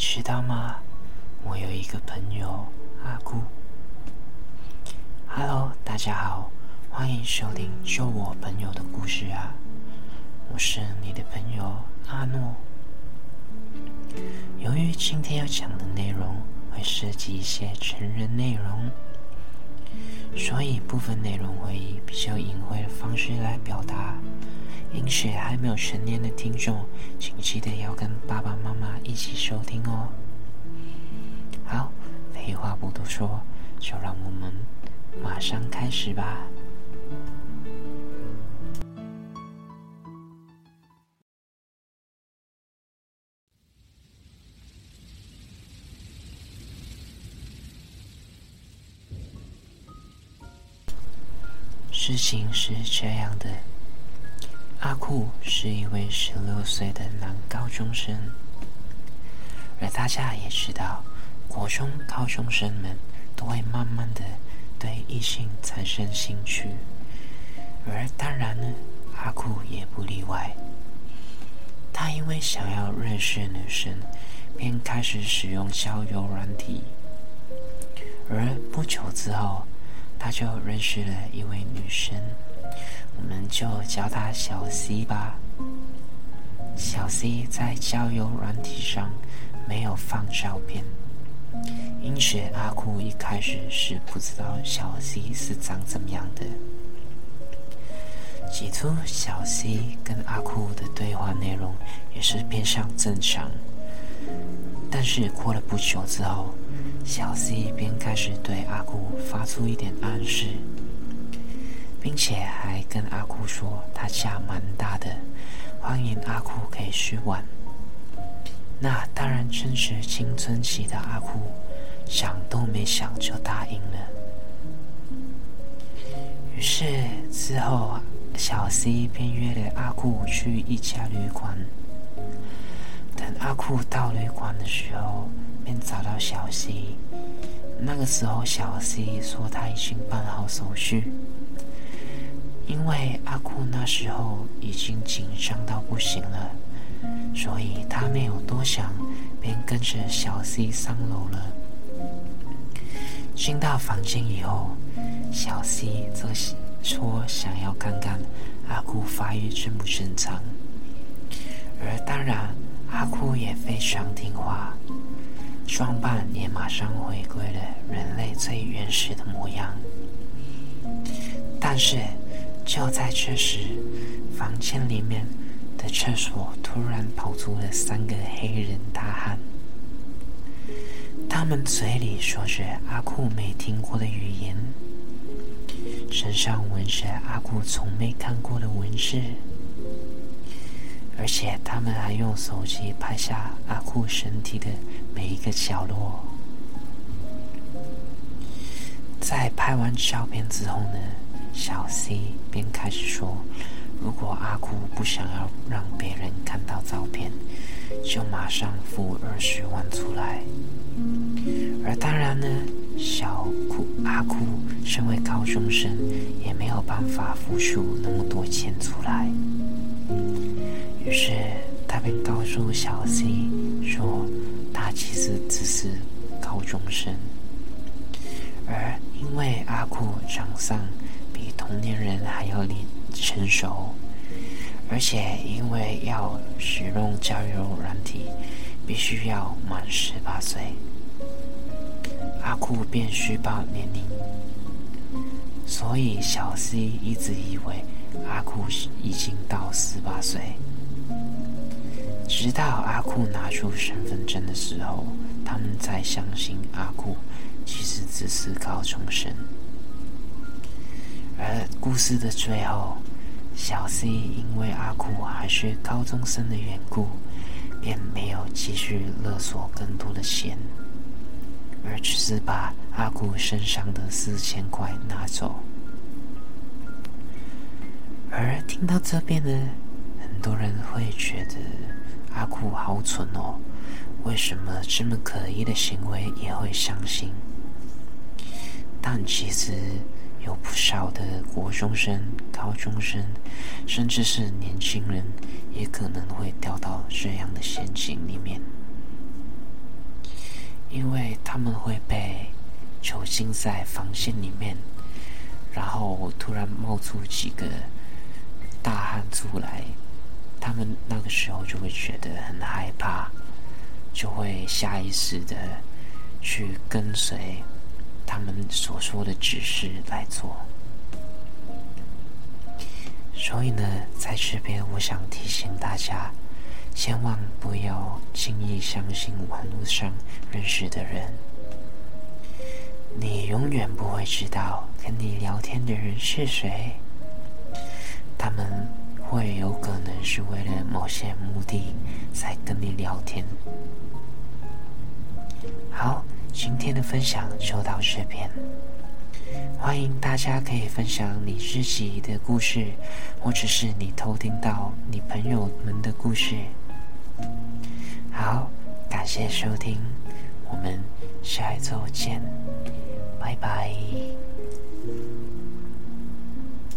你知道嗎？我有一個朋友阿姑。Hello，大家好，歡迎收聽《就我朋友的故事》啊！我是你的朋友阿諾。由於今天要講的內容會涉及一些成人內容。所以，部分內容會以比較隱晦的方式來表達，因此還沒有成年的聽眾，請記得要跟爸爸媽媽一起收聽哦。好，廢話不多說，就讓我們馬上開始吧。事情是這樣的，阿酷是一位十六歲的男高中生，而大家也知道，國中高中生們都會慢慢的對異性產生興趣，而當然呢，阿酷也不例外。他因為想要認識女生，便開始使用交友軟體，而不久之後。他就認識了一位女生，我們就叫她小 C 吧。小 C 在交友軟體上沒有放照片，因此阿酷一開始是不知道小 C 是長怎麼樣的。起初，小 C 跟阿酷的對話內容也是偏向正常，但是過了不久之後。小 C 便開始對阿酷發出一點暗示，並且還跟阿酷說他家蠻大的，歡迎阿酷可以去玩。那當然，正值青春期的阿酷想都沒想就答應了。於是之後，小 C 便約了阿酷去一家旅館。等阿酷到旅館的時候，便找到小西，那個時候小西說他已經辦好手續，因為阿酷那時候已經緊張到不行了，所以他沒有多想，便跟着小西上樓了。進到房間以後，小西則說想要看看阿酷發育正不正常，而當然阿酷也非常聽話。裝扮也馬上回歸了人類最原始的模樣。但是，就在這時，房間裡面的廁所突然跑出了三個黑人大漢，他們嘴裡說着阿酷沒聽過的語言，身上紋着阿酷從沒看過的紋飾。而且他們還用手機拍下阿酷身體的每一個角落。在拍完照片之後呢，小 C 便開始說：“如果阿酷不想要讓別人看到照片，就馬上付二十萬出來。”而當然呢，小酷阿酷身為高中生，也沒有辦法付出那麼多錢出來。於是，他便告訴小 C 說，他其實只是高中生。而因為阿酷長相比同年人還要年成熟，而且因為要使用交友軟體，必須要滿十八歲，阿酷便虛報年齡。所以，小 C 一直以為阿酷已經到十八歲。直到阿酷拿出身份證的時候，他們才相信阿酷其實只是高中生。而故事的最後，小 C 因為阿酷還是高中生的緣故，便沒有繼續勒索更多的錢，而只是把阿酷身上的四千塊拿走。而聽到這邊呢，很多人會覺得阿酷好蠢哦，為什麼這麼可疑的行為也會相信？但其實有不少的國中生、高中生，甚至是年輕人，也可能會掉到這樣的陷阱裡面，因為他們會被囚禁在房間裡面，然後突然冒出幾個大漢出來。他們那個時候就會覺得很害怕，就會下意識的去跟隨他們所說的指示來做。所以呢，在這邊我想提醒大家，千萬不要輕易相信網絡上認識的人。你永遠不會知道跟你聊天的人是誰。他們。會有可能是為了某些目的才跟你聊天。好，今天的分享就到這邊。歡迎大家可以分享你自己的故事，或者是你偷聽到你朋友們的故事。好，感謝收聽，我們下一周見，拜拜。